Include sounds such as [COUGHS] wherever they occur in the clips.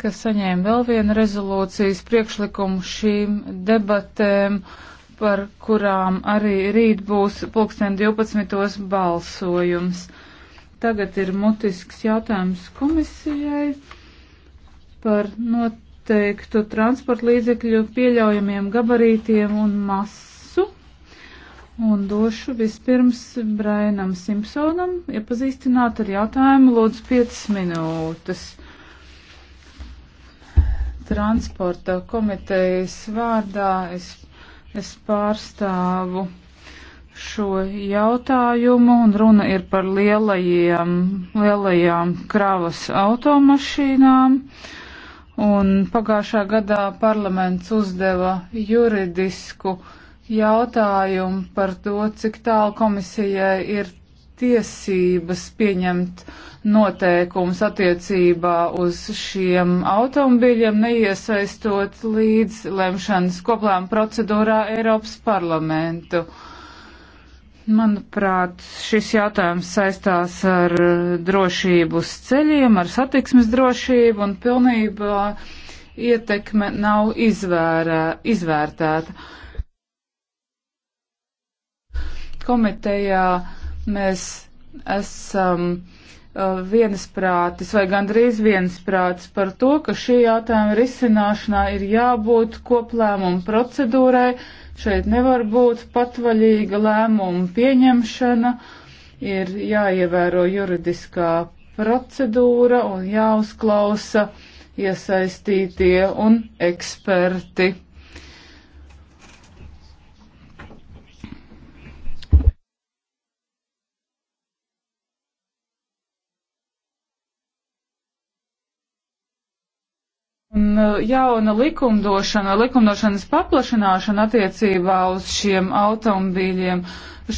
ka saņēma vēl vienu rezolūcijas priekšlikumu šīm debatēm, par kurām arī rīt būs pulksten 12. balsojums. Tagad ir mutisks jautājums komisijai par noteiktu transporta līdzekļu pieļaujamiem gabarītiem un masu. Un došu vispirms Brainam Simpsonam iepazīstināt ar jautājumu lūdzu 5 minūtes transporta komitejas vārdā es, es pārstāvu šo jautājumu un runa ir par lielajiem, lielajām kravas automašīnām. Un pagājušā gadā parlaments uzdeva juridisku jautājumu par to, cik tālu komisijai ir tiesības pieņemt noteikums attiecībā uz šiem automobiļiem, neiesaistot līdz lemšanas koplām procedūrā Eiropas parlamentu. Manuprāt, šis jautājums saistās ar drošību uz ceļiem, ar satiksmes drošību un pilnībā ietekme nav izvērā, izvērtēta. Komitejā mēs esam uh, viensprātis vai gandrīz viensprātis par to, ka šī jautājuma risināšanā ir jābūt koplēmumu procedūrai. Šeit nevar būt patvaļīga lēmuma pieņemšana, ir jāievēro juridiskā procedūra un jāuzklausa iesaistītie un eksperti. Un uh, jauna likumdošana, likumdošanas paplašināšana attiecībā uz šiem automobīļiem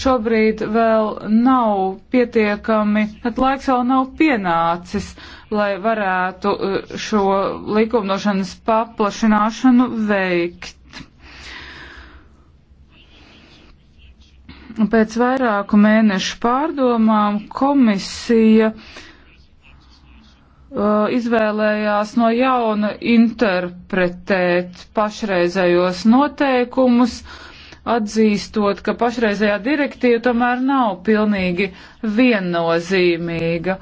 šobrīd vēl nav pietiekami, bet laiks vēl nav pienācis, lai varētu uh, šo likumdošanas paplašināšanu veikt. Pēc vairāku mēnešu pārdomām komisija uh, Uh, izvēlējās no jauna interpretēt pašreizējos noteikumus, atzīstot, ka pašreizējā direktīva tomēr nav pilnīgi viennozīmīga.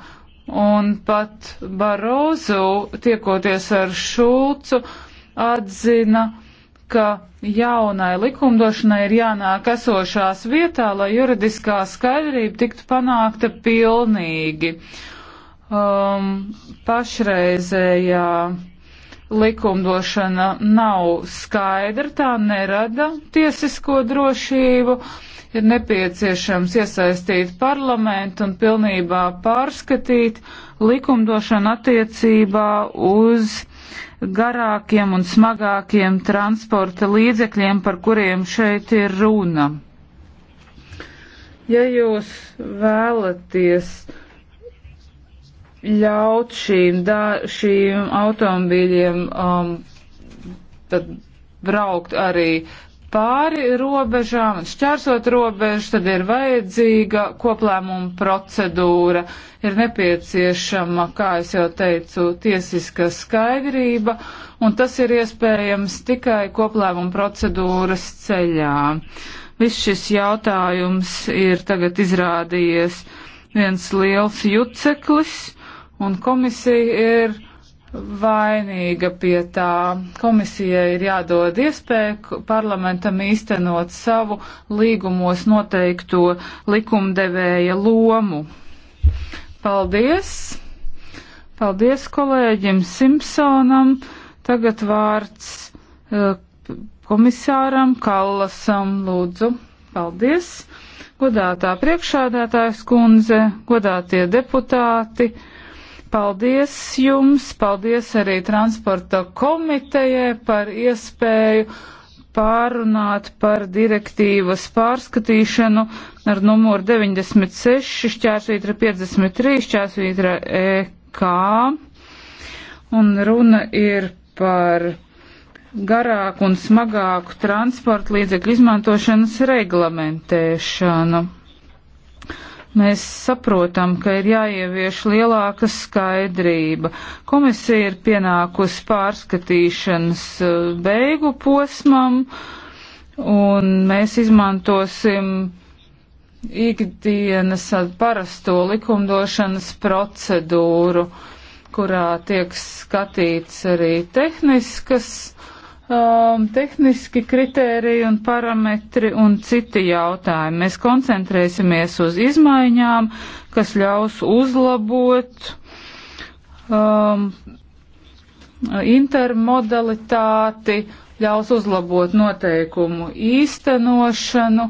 Un pat Barozu, tiekoties ar Šulcu, atzina, ka jaunai likumdošanai ir jānāk esošās vietā, lai juridiskā skaidrība tiktu panākta pilnīgi. Uh, um, pašreizējā likumdošana nav skaidra, tā nerada tiesisko drošību, ir nepieciešams iesaistīt parlamentu un pilnībā pārskatīt likumdošanu attiecībā uz garākiem un smagākiem transporta līdzekļiem, par kuriem šeit ir runa. Ja jūs vēlaties ļaut šīm, da, šīm automobīļiem um, tad braukt arī pāri robežām, šķērsot robežu, tad ir vajadzīga koplēmuma procedūra, ir nepieciešama, kā es jau teicu, tiesiska skaidrība, un tas ir iespējams tikai koplēmuma procedūras ceļā. Viss šis jautājums ir tagad izrādījies viens liels juceklis un komisija ir vainīga pie tā. Komisijai ir jādod iespēju parlamentam īstenot savu līgumos noteikto likumdevēja lomu. Paldies! Paldies kolēģim Simpsonam. Tagad vārds eh, komisāram Kallasam lūdzu. Paldies! Godātā priekšādātājs kundze, godātie deputāti! Paldies jums, paldies arī transporta komitejai par iespēju pārunāt par direktīvas pārskatīšanu ar numuru 96, šķērsvītra 53, šķērsvītra EK. Un runa ir par garāku un smagāku transporta līdzekļu izmantošanas reglamentēšanu. Mēs saprotam, ka ir jāievieš lielāka skaidrība. Komisija ir pienākusi pārskatīšanas eh, beigu posmam, un mēs izmantosim ikdienas parasto likumdošanas procedūru, kurā tiek skatīts arī tehniskas um, tehniski kritēriji un parametri un citi jautājumi. Mēs koncentrēsimies uz izmaiņām, kas ļaus uzlabot um, intermodalitāti, ļaus uzlabot noteikumu īstenošanu,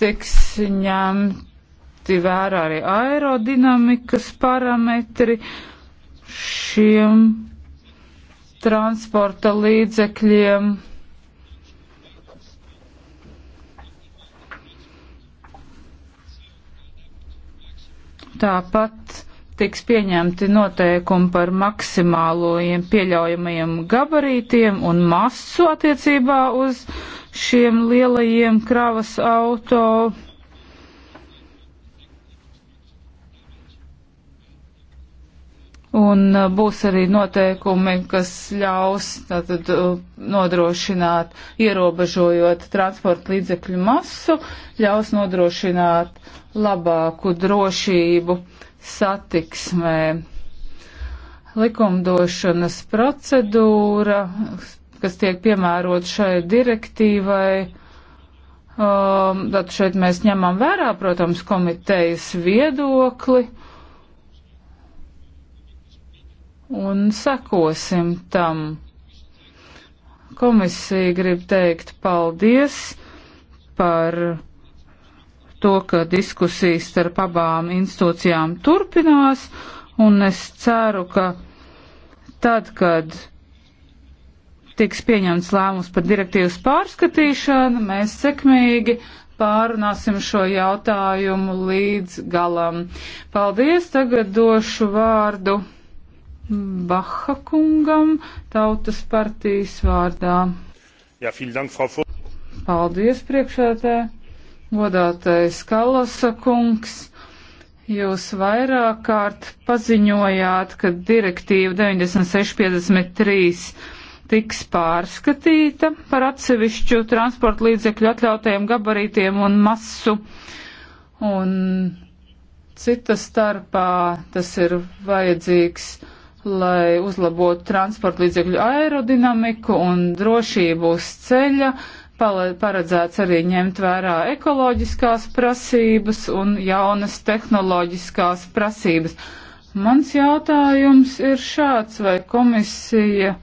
tiks ņemti vērā arī aerodinamikas parametri šiem transporta līdzekļiem. Tāpat tiks pieņemti noteikumi par maksimālojiem pieļaujamajiem gabarītiem un masu attiecībā uz šiem lielajiem kravas auto. Un uh, būs arī noteikumi, kas ļaus tātad, uh, nodrošināt, ierobežojot transporta līdzekļu masu, ļaus nodrošināt labāku drošību satiksmē. Likumdošanas procedūra, kas tiek piemērot šai direktīvai, um, tad šeit mēs ņemam vērā, protams, komitejas viedokli. Uh, un sekosim tam. Komisija grib teikt paldies par to, ka diskusijas starp abām institūcijām turpinās, un es ceru, ka tad, kad tiks pieņemts lēmums par direktīvas pārskatīšanu, mēs sekmīgi pārunāsim šo jautājumu līdz galam. Paldies, tagad došu vārdu. Baha kungam tautas partijas vārdā. Jā, dank, Frau Paldies priekšētē, godātais Kalasa kungs. Jūs vairāk kārt paziņojāt, ka direktīva 9653 tiks pārskatīta par atsevišķu transporta līdzekļu atļautajiem gabarītiem un masu. Un cita starpā tas ir vajadzīgs lai uzlabotu transporta līdzekļu aerodinamiku un drošību uz ceļa, paredzēts arī ņemt vērā ekoloģiskās prasības un jaunas tehnoloģiskās prasības. Mans jautājums ir šāds, vai komisija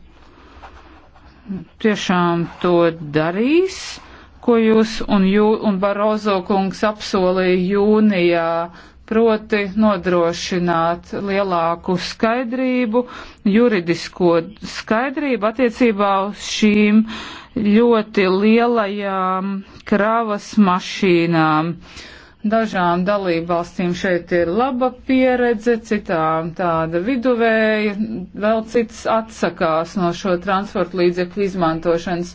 tiešām to darīs, ko jūs un, jū, un Barozo kungs apsolīja jūnijā proti nodrošināt lielāku skaidrību, juridisko skaidrību attiecībā uz šīm ļoti lielajām kravas mašīnām. Dažām dalībvalstīm šeit ir laba pieredze, citām tāda viduvēja, vēl cits atsakās no šo transporta līdzekļu izmantošanas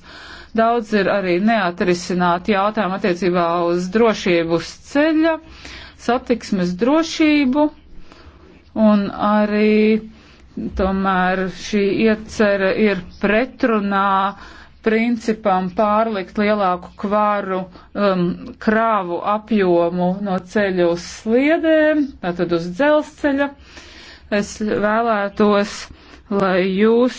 daudz ir arī neatrisināti jautājumi attiecībā uz drošību uz ceļa, satiksmes drošību un arī tomēr šī iecere ir pretrunā principam pārlikt lielāku kvāru um, krāvu apjomu no ceļa uz sliedēm, tātad uz dzelzceļa. Es vēlētos, lai jūs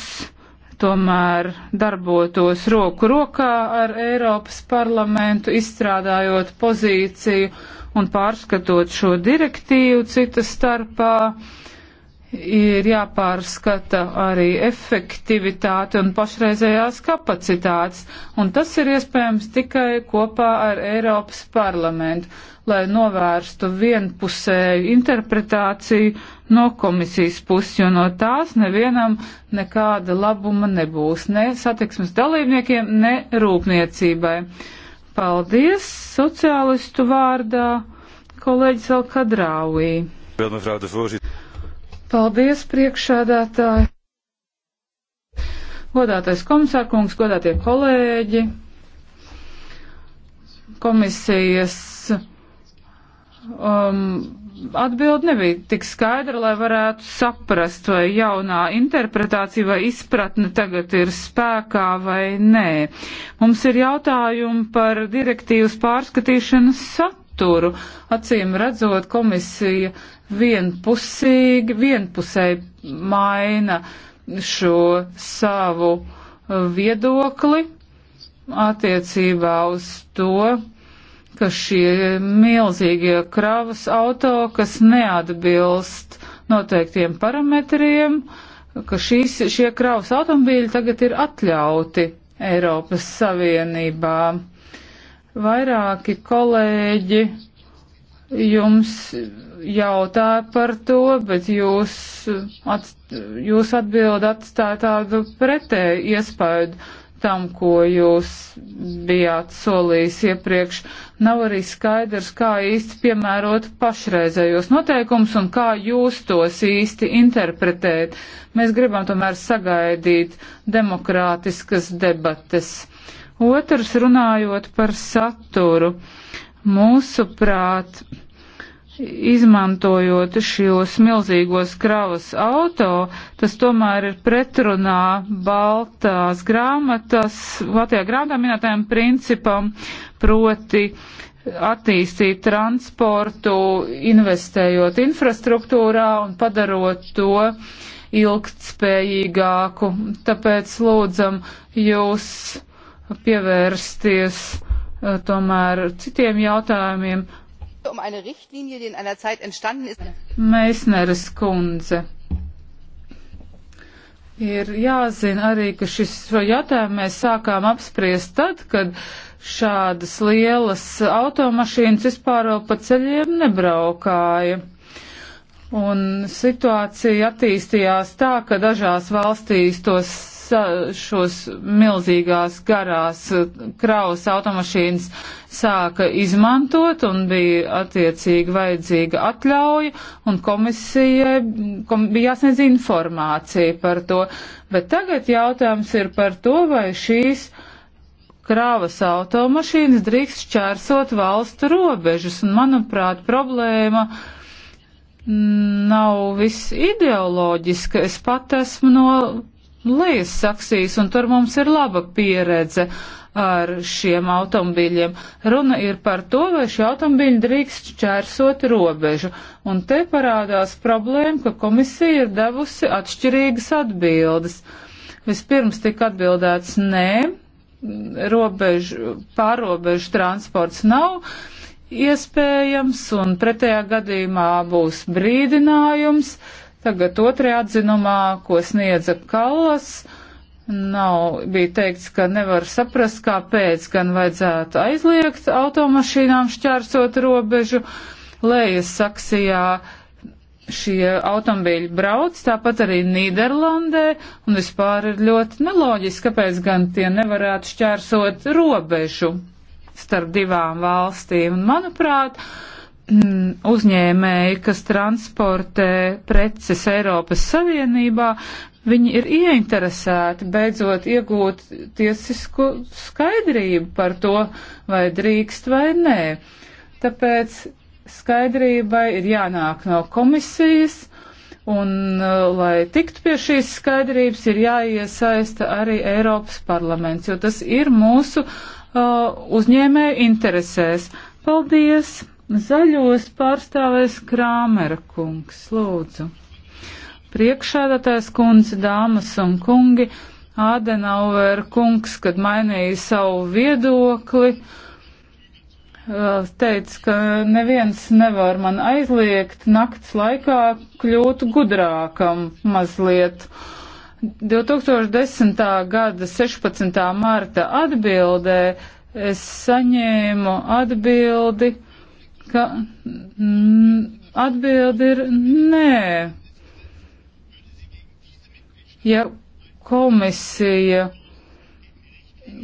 tomēr darbotos roku rokā ar Eiropas parlamentu, izstrādājot pozīciju un pārskatot šo direktīvu citas starpā, ir jāpārskata arī efektivitāte un pašreizējās kapacitātes, un tas ir iespējams tikai kopā ar Eiropas parlamentu, lai novērstu vienpusēju interpretāciju no komisijas puses, jo no tās nevienam nekāda labuma nebūs, ne satiksmes dalībniekiem, ne rūpniecībai. Paldies sociālistu vārdā, kolēģis Alkadrāvī. Paldies priekšādātāji. Godātais komisārkungs, godātie kolēģi, komisijas um, atbildi nebija tik skaidra, lai varētu saprast, vai jaunā interpretācija vai izpratne tagad ir spēkā vai nē. Mums ir jautājumi par direktīvas pārskatīšanas saturu. Acīm redzot, komisija vienpusīgi, vienpusēji maina šo savu viedokli attiecībā uz to, ka šie milzīgie kravas auto, kas neatbilst noteiktiem parametriem, ka šīs, šie kravas automobīļi tagad ir atļauti Eiropas Savienībā. Vairāki kolēģi jums jautāja par to, bet jūs, at, jūs atbildi atstāja tādu pretēju iespēju tam, ko jūs bijāt solījis iepriekš. Nav arī skaidrs, kā īsti piemērot pašreizējos noteikumus un kā jūs tos īsti interpretēt. Mēs gribam tomēr sagaidīt demokrātiskas debates. Otrs runājot par saturu. Mūsuprāt, izmantojot šos milzīgos kravas auto, tas tomēr ir pretrunā Baltās grāmatas, Latvijā grāmatā minētajam principam, proti attīstīt transportu, investējot infrastruktūrā un padarot to ilgtspējīgāku. Tāpēc lūdzam jūs pievērsties eh, tomēr citiem jautājumiem Um Meisneres kundze. Ir jāzina arī, ka šis šo jautājumu mēs sākām apspriest tad, kad šādas lielas automašīnas vispār vēl pa ceļiem nebraukāja. Un situācija attīstījās tā, ka dažās valstīs tos šos milzīgās garās eh, kraus automašīnas sāka izmantot un bija attiecīgi vajadzīga atļauja un komisijai kom, bija jāsniedz informācija par to. Bet tagad jautājums ir par to, vai šīs krāvas automašīnas drīkst šķērsot valstu robežas, un, manuprāt, problēma nav viss ideoloģiska. Es pat esmu no lejas saksīs, un tur mums ir laba pieredze ar šiem automobīļiem. Runa ir par to, vai šie automobīļi drīkst čērsot robežu, un te parādās problēma, ka komisija ir devusi atšķirīgas atbildes. Vispirms tika atbildēts nē, robežu, pārobežu transports nav iespējams, un pretējā gadījumā būs brīdinājums. Uh, Tagad otrajā atzinumā, ko sniedza Kallas, nav bija teikts, ka nevar saprast, kāpēc gan vajadzētu aizliegt automašīnām šķērsot robežu. Lejas Saksijā šie automobīļi brauc, tāpat arī Nīderlandē, un vispār ir ļoti neloģiski, kāpēc gan tie nevarētu šķērsot robežu starp divām valstīm. Un, manuprāt, uh, Mm, uzņēmēji, kas transportē preces Eiropas Savienībā, viņi ir ieinteresēti beidzot iegūt tiesisku skaidrību par to, vai drīkst vai nē. Tāpēc skaidrībai ir jānāk no komisijas, un, uh, lai tiktu pie šīs skaidrības, ir jāiesaista arī Eiropas parlaments, jo tas ir mūsu uh, uzņēmēju interesēs. Paldies! Zaļos pārstāvēs Krāmera kungs, lūdzu. Priekšādātājs kundze, dāmas un kungi, Ādenauver kungs, kad mainīja savu viedokli, eh, teica, ka neviens nevar man aizliegt nakts laikā kļūt gudrākam mazliet. 2010. gada 16. marta atbildē es saņēmu atbildi ka mm, atbildi ir nē. Ja komisija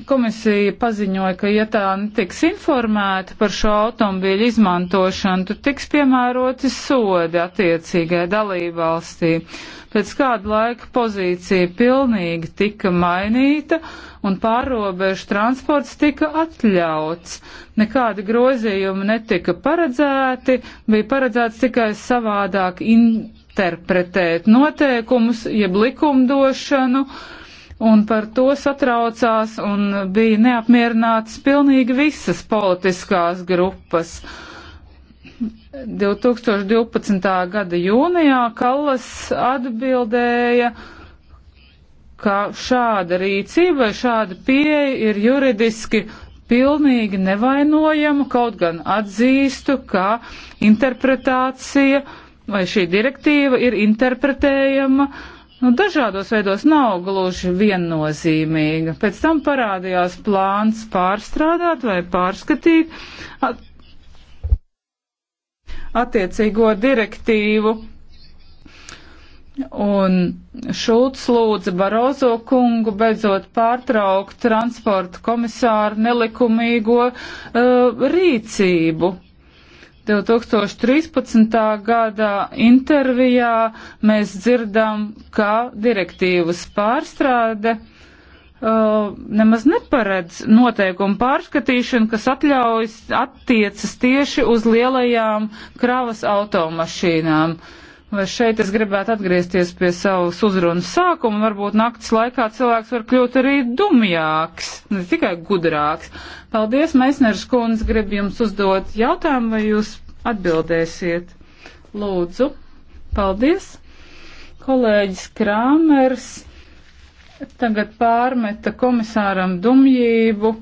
komisija paziņoja, ka ja tā netiks informēta par šo automobīļu izmantošanu, tad tiks piemēroti sodi attiecīgai dalībvalstī. Pēc kāda laika pozīcija pilnīgi tika mainīta un pārobežu transports tika atļauts. Nekādi grozījumi netika paredzēti, bija paredzēts tikai savādāk interpretēt noteikumus, jeb likumdošanu. Uh, Un par to satraucās un bija neapmierināts pilnīgi visas politiskās grupas. 2012. gada jūnijā Kallas atbildēja, ka šāda rīcība vai šāda pieeja ir juridiski pilnīgi nevainojama, kaut gan atzīstu, ka interpretācija vai šī direktīva ir interpretējama uh, nu, dažādos veidos nav gluži viennozīmīga. Pēc tam parādījās plāns pārstrādāt vai pārskatīt at attiecīgo direktīvu. Un Šulc lūdza Barozo kungu beidzot pārtraukt transporta komisāru nelikumīgo uh, rīcību. 2013. gada intervijā mēs dzirdam, ka direktīvas pārstrāde uh, nemaz neparedz noteikumu pārskatīšanu, kas atļaujas attiecas tieši uz lielajām kravas automašīnām. Uh, Vai šeit es gribētu atgriezties pie savas uzrunas sākuma, varbūt naktas laikā cilvēks var kļūt arī dumjāks, ne tikai gudrāks. Paldies, Meisners kundz, grib jums uzdot jautājumu, vai jūs atbildēsiet. Lūdzu, paldies. Kolēģis Krāmers tagad pārmeta komisāram dumjību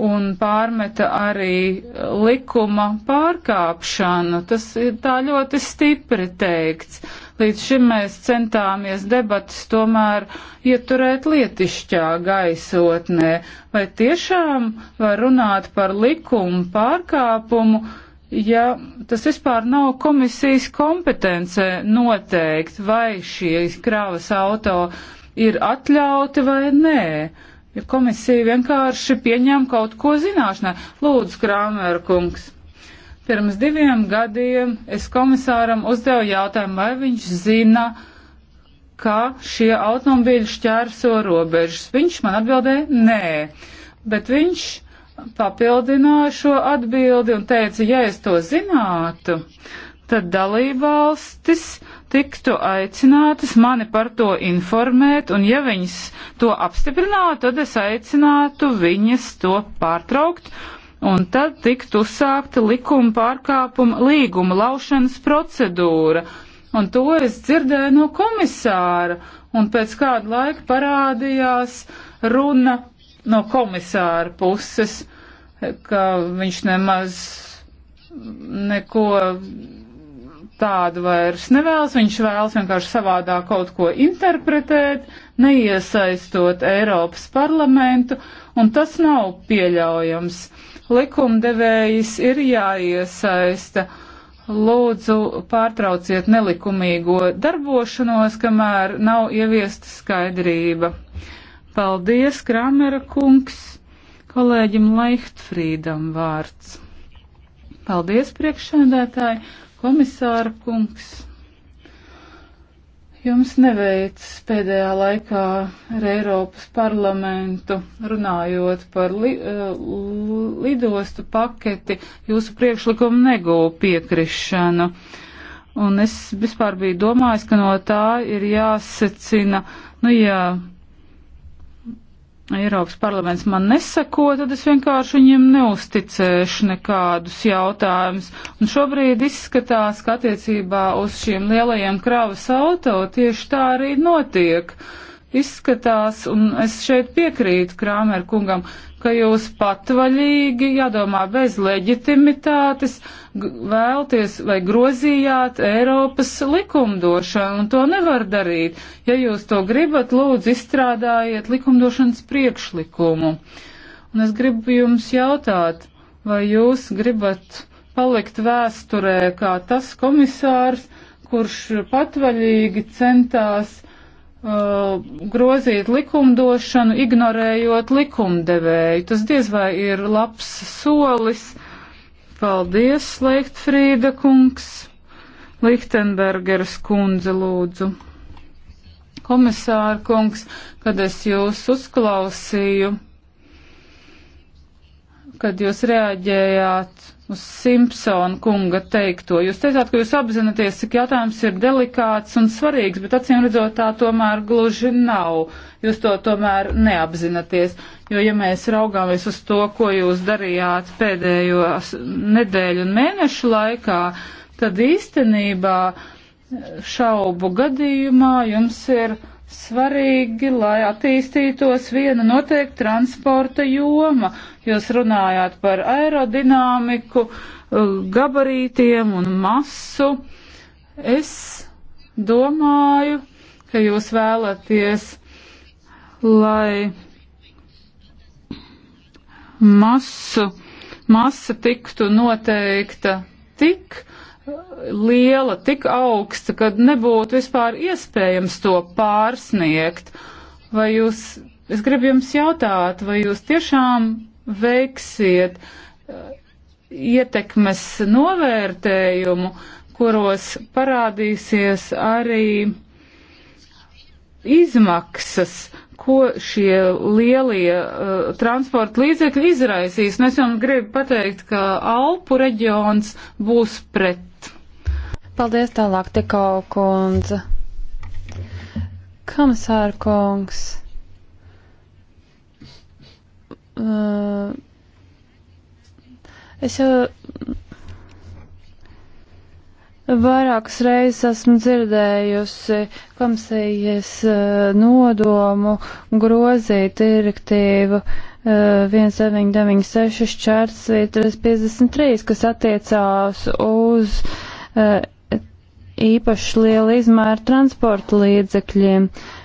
un pārmeta arī likuma pārkāpšanu. Tas ir tā ļoti stipri teikts. Līdz šim mēs centāmies debatas tomēr ieturēt lietišķā gaisotnē, vai tiešām var runāt par likumu pārkāpumu, ja tas vispār nav komisijas kompetence noteikt, vai šīs kravas auto ir atļauti vai nē ja komisija vienkārši pieņem kaut ko zināšanai. Lūdzu, Krāmēra kungs. Pirms diviem gadiem es komisāram uzdevu jautājumu, vai viņš zina, ka šie automobīļi šķērso robežas. Viņš man atbildēja, nē, bet viņš papildināja šo atbildi un teica, ja es to zinātu, tad dalībvalstis tiktu aicinātas mani par to informēt, un ja viņas to apstiprinātu, tad es aicinātu viņas to pārtraukt, un tad tiktu uzsākta likuma pārkāpuma līguma laušanas procedūra. Un to es dzirdēju no komisāra, un pēc kāda laika parādījās runa no komisāra puses, ka viņš nemaz neko tādu vairs nevēlas, viņš vēlas vienkārši savādā kaut ko interpretēt, neiesaistot Eiropas parlamentu, un tas nav pieļaujams. Likumdevējs ir jāiesaista. Lūdzu, pārtrauciet nelikumīgo darbošanos, kamēr nav ieviesta skaidrība. Paldies, Kramera kungs, kolēģim Leichtfrīdam vārds. Paldies, priekšsēdētāji! Komisāra kungs, jums neveicis pēdējā laikā ar Eiropas parlamentu runājot par li, uh, lidostu paketi, jūsu priekšlikumu negūva piekrišanu. Un es vispār biju domājis, ka no tā ir jāsacina, nu jā, Eiropas parlaments man nesako, tad es vienkārši viņiem neusticēšu nekādus jautājumus. Un šobrīd izskatās, ka attiecībā uz šiem lielajiem kravas auto tieši tā arī notiek. Uh, izskatās, un es šeit piekrītu Krāmer kungam, ka jūs patvaļīgi, jādomā, bez leģitimitātes vēlties vai grozījāt Eiropas likumdošanu, un to nevar darīt. Ja jūs to gribat, lūdzu, izstrādājiet likumdošanas priekšlikumu. Un es gribu jums jautāt, vai jūs gribat palikt vēsturē kā tas komisārs, kurš patvaļīgi centās uh, grozīt likumdošanu, ignorējot likumdevēju. Tas diez vai ir labs solis. Paldies, Leichtfrīda kungs. Lichtenbergeras kundze lūdzu. Komisāra kungs, kad es jūs uzklausīju kad jūs reaģējāt uz Simpsona kunga teikto. Jūs teicāt, ka jūs apzināties, cik jautājums ir delikāts un svarīgs, bet acīm redzot tā tomēr gluži nav. Jūs to tomēr neapzināties, jo ja mēs raugāmies uz to, ko jūs darījāt pēdējo nedēļu un mēnešu laikā, tad īstenībā šaubu gadījumā jums ir svarīgi, lai attīstītos viena noteikta transporta joma. Jūs runājāt par aerodināmiku, eh, gabarītiem un masu. Es domāju, ka jūs vēlaties, lai masu, masa tiktu noteikta tik, liela, tik augsta, ka nebūtu vispār iespējams to pārsniegt. Vai jūs, es gribu jums jautāt, vai jūs tiešām veiksiet eh, ietekmes novērtējumu, kuros parādīsies arī izmaksas, ko šie lielie uh, transporta līdzekļi izraisīs. Un es jums gribu pateikt, ka Alpu reģions būs pret. Paldies tālāk, Tikau kundze. Komisāra kungs. Uh, es jau. Uh, Vairākas reizes esmu dzirdējusi komisijas eh, nodomu grozīt direktīvu 1996 čārtsvītras 53, kas attiecās uz eh, īpaši liela izmēra transporta līdzekļiem. Uh,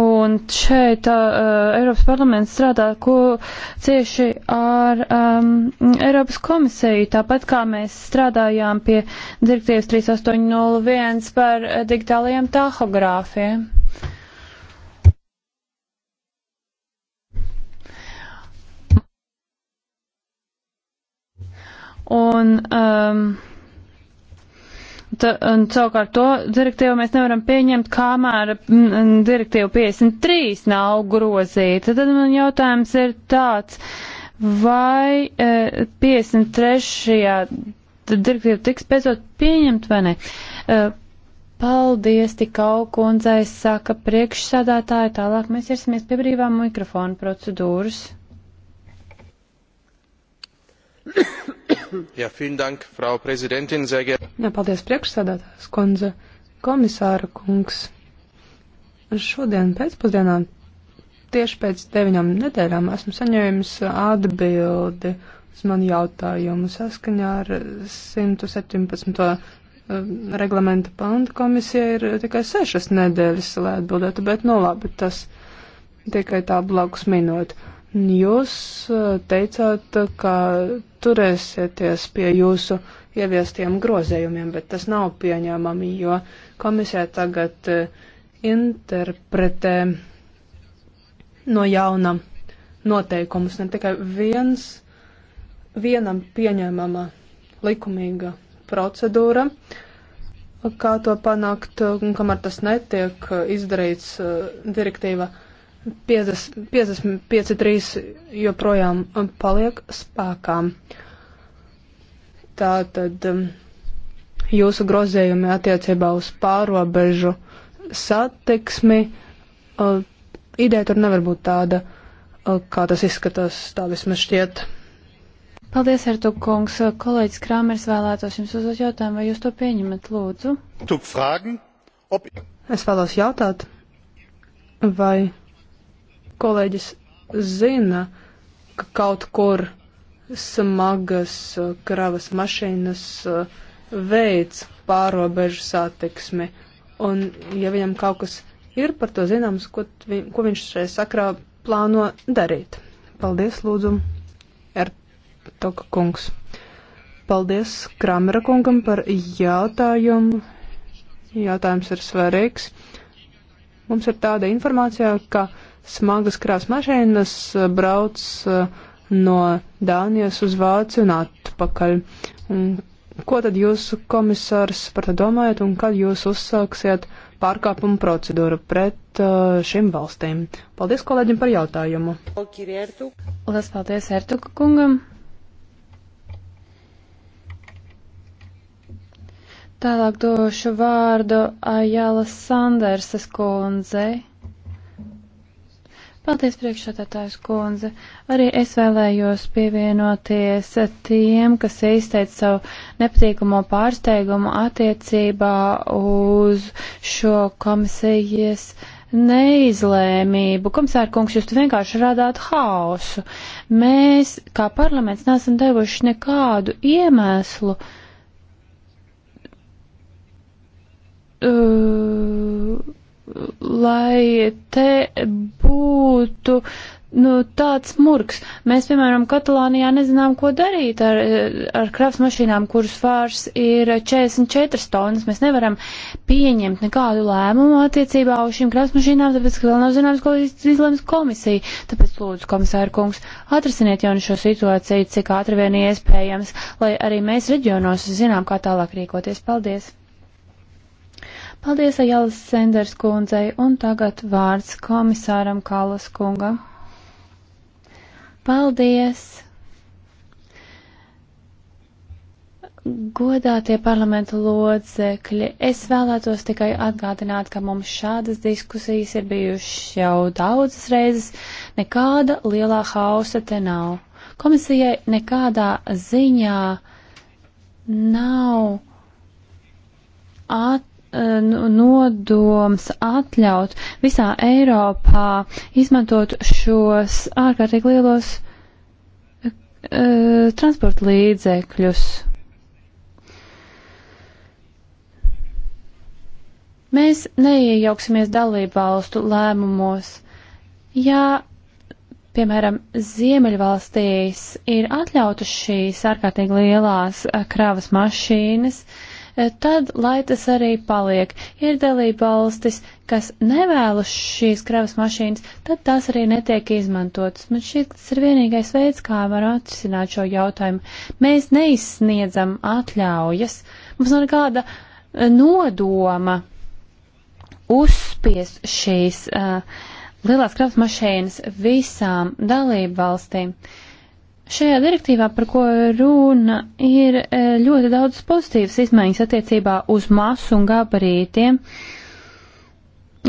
Un šeit uh, uh, Eiropas parlaments strādā ko cieši ar um, Eiropas komisiju, tāpat kā mēs strādājām pie direktīvas 3801 par digitālajiem tahogrāfiem. Un um, savukārt to direktīvu mēs nevaram pieņemt, kamēr mm, mm, direktīva 53 nav grozīta. Tad man jautājums ir tāds, vai 53. E, direktīva tiks beidzot pieņemt vai ne? E, paldies tikau kundzei, saka priekšsādātāji. Tālāk mēs ierasimies pie brīvā mikrofona procedūras. [COUGHS] Ja, dank, Frau Präsidentin, sehr geehrte. Ja, paldies, priekšsēdētājs kundze, komisāra kungs. Šodien pēcpusdienā, tieši pēc deviņām nedēļām, esmu saņēmis atbildi uz manu jautājumu saskaņā ar 117. reglamenta pantu komisija ir tikai sešas nedēļas, lai atbildētu, bet nu labi, tas tikai tā blakus minot. Jūs eh, teicāt, ka turēsieties pie jūsu ieviestiem grozējumiem, bet tas nav pieņēmami, jo komisija tagad eh, interpretē no jauna noteikumus, ne tikai viens, vienam pieņēmama likumīga procedūra, kā to panākt, un kamēr tas netiek eh, izdarīts eh, direktīva 55.3 joprojām um, paliek spēkā. Tātad um, jūsu grozējumi attiecībā uz pārobežu satiksmi, uh, ideja tur nevar būt tāda, uh, kā tas izskatās, tā vismaz šķiet. Paldies, Artu kungs. Kolēģis Krāmers vēlētos jums uzdot jautājumu, vai jūs to pieņemat, lūdzu? Es vēlos jautāt, vai kolēģis zina, ka kaut kur smagas uh, kravas mašīnas uh, veids pārobežu satiksmi. Un ja viņam kaut kas ir par to zināms, ko, vi, ko viņš šajā sakrā plāno darīt. Paldies, lūdzu, Ertoka kungs. Paldies Kramera kungam par jautājumu. Jautājums ir svarīgs. Mums ir tāda informācija, ka Smagas krās mašīnas eh, brauc eh, no Dānijas uz Vāciju un atpakaļ. Un ko tad jūs, komisārs, par to domājat un kad jūs uzsāksiet pārkāpumu procedūru pret eh, šīm valstīm? Paldies kolēģim par jautājumu. Lielas paldies Ertuka kungam. Tālāk došu vārdu Ajala Sanderses kundzei. Paldies, priekšsādātājs kundze. Arī es vēlējos pievienoties tiem, kas izteica savu nepatīkamo pārsteigumu attiecībā uz šo komisijas neizlēmību. Komisāra kungs, jūs vienkārši radāt haosu. Mēs, kā parlaments, nesam devuši nekādu iemeslu. Uh, lai te būtu nu, tāds murgs. Mēs, piemēram, Katalānijā nezinām, ko darīt ar, ar kravas mašīnām, kuras vārs ir 44 tonnas. Mēs nevaram pieņemt nekādu lēmumu attiecībā uz šīm kravas mašīnām, tāpēc, ka vēl nav zināms, ko izlems komisija. Tāpēc, lūdzu, komisāra kungs, atrasiniet jaunu šo situāciju, cik ātri vien iespējams, lai arī mēs reģionos zinām, kā tālāk rīkoties. Paldies! Paldies Ajālas Senders kundzei un tagad vārds komisāram Kalas kungam. Paldies! Godātie parlamentu lodzekļi, es vēlētos tikai atgādināt, ka mums šādas diskusijas ir bijušas jau daudzas reizes, nekāda lielā hausa te nav. Komisijai nekādā ziņā nav at, Eh, nodoms atļaut visā Eiropā izmantot šos ārkārtīgi lielos uh, transporta līdzekļus. Mēs neiejauksimies dalību valstu lēmumos. Ja, piemēram, Ziemeļvalstīs ir atļautas šīs ārkārtīgi lielās eh, kravas mašīnas, uh, Eh, tad lai tas arī paliek. Ir dalība valstis, kas nevēlas šīs kravas mašīnas, tad tās arī netiek izmantotas. Man šķiet, tas ir vienīgais veids, kā var atrisināt šo jautājumu. Mēs neizsniedzam atļaujas. Mums nav nekāda eh, nodoma uzspiest šīs uh, lielās kravas mašīnas visām dalību valstīm. Uh, Šajā direktīvā, par ko runa, ir e, ļoti daudz pozitīvas izmaiņas attiecībā uz masu un gabarītiem.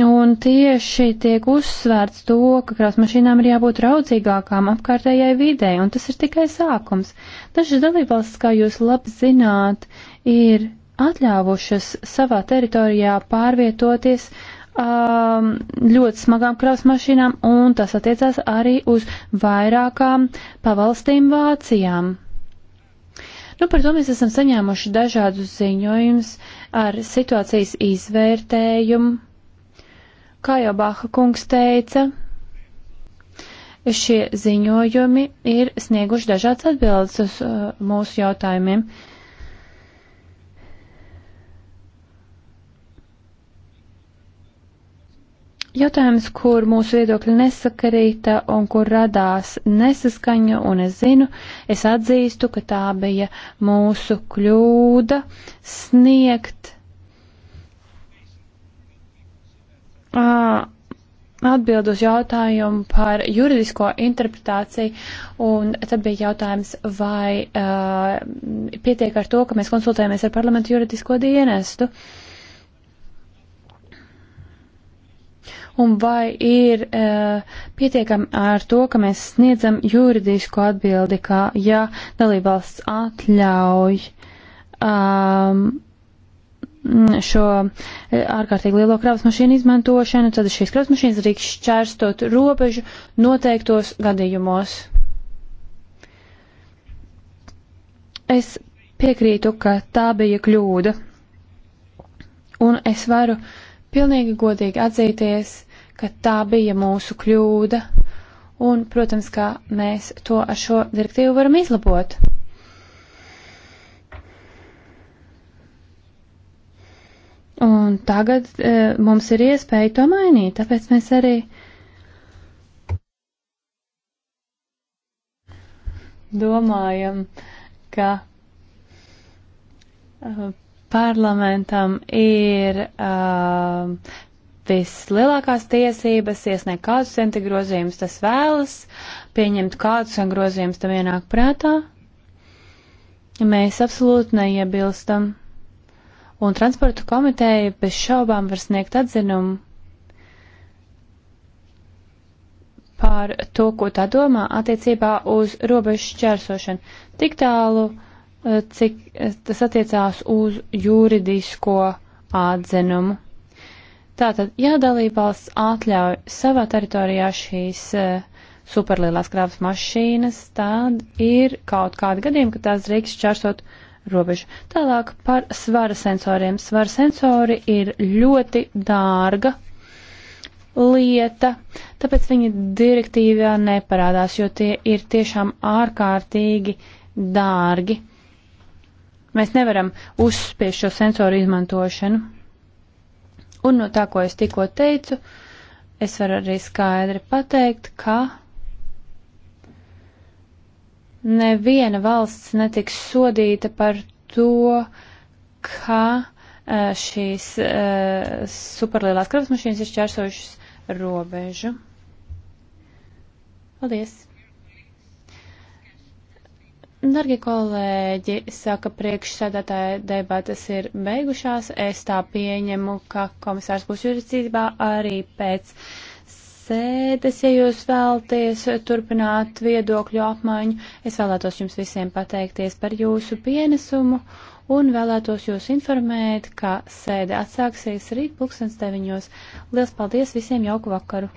Un tieši tiek uzsvērts to, ka krāsmašīnām ir jābūt raudzīgākām apkārtējai vidē, un tas ir tikai sākums. Dažas dalībvalstis, kā jūs labi zināt, ir atļāvušas savā teritorijā pārvietoties uh, um, ļoti smagām kravas mašīnām, un tas attiecās arī uz vairākām pavalstīm Vācijām. Nu, par to mēs esam saņēmuši dažādus ziņojumus ar situācijas izvērtējumu. Kā jau Baha kungs teica, šie ziņojumi ir snieguši dažādas atbildes uz uh, mūsu jautājumiem. Uh, Jautājums, kur mūsu viedokļi nesakarīta un kur radās nesaskaņa, un es zinu, es atzīstu, ka tā bija mūsu kļūda sniegt uh, atbild uz jautājumu par juridisko interpretāciju, un tad bija jautājums, vai uh, pietiek ar to, ka mēs konsultējamies ar parlamentu juridisko dienestu. Uh, un vai ir uh, pietiekami ar to, ka mēs sniedzam juridisku atbildi, ka ja dalībvalsts atļauj um, šo e, ārkārtīgi lielo kravas mašīnu izmantošanu, tad šīs kravas mašīnas drīkst šķērstot robežu noteiktos gadījumos. Es piekrītu, ka tā bija kļūda. Un es varu uh, pilnīgi godīgi atzīties, ka tā bija mūsu kļūda, un, protams, kā mēs to ar šo direktīvu varam izlabot. Un tagad e, mums ir iespēja to mainīt, tāpēc mēs arī domājam, ka e, Parlamentam ir uh, vislielākās tiesības iesniegt kādus centigrozījumus tas vēlas, pieņemt kādus grozījumus tam ienāk prātā. Mēs absolūti neiebilstam. Un transporta komiteja bez šaubām var sniegt atzinumu par to, ko tā domā attiecībā uz robežu šķērsošanu. Tik tālu Eh, cik eh, tas attiecās uz juridisko atzinumu. Tātad, ja dalībvalsts atļauj savā teritorijā šīs eh, superlielās krāvas mašīnas, tad ir kaut kādi gadījumi, ka tās drīkst čārsot robežu. Tālāk par svara sensoriem. Svara sensori ir ļoti dārga lieta, tāpēc viņi direktīvā neparādās, jo tie ir tiešām ārkārtīgi dārgi. Mēs nevaram uzspiest šo sensoru izmantošanu. Un no tā, ko es tikko teicu, es varu arī skaidri pateikt, ka neviena valsts netiks sodīta par to, ka e, šīs uh, superlielās kravas mašīnas ir šķērsojušas robežu. Paldies! Dargie kolēģi, saka priekšsēdētāja debatas ir beigušās. Es tā pieņemu, ka komisārs būs jurisdībā arī pēc sēdes, ja jūs vēlties turpināt viedokļu apmaiņu. Es vēlētos jums visiem pateikties par jūsu pienesumu un vēlētos jūs informēt, ka sēde atsāksies rīt pulkstens deviņos. Liels paldies visiem jauku vakaru!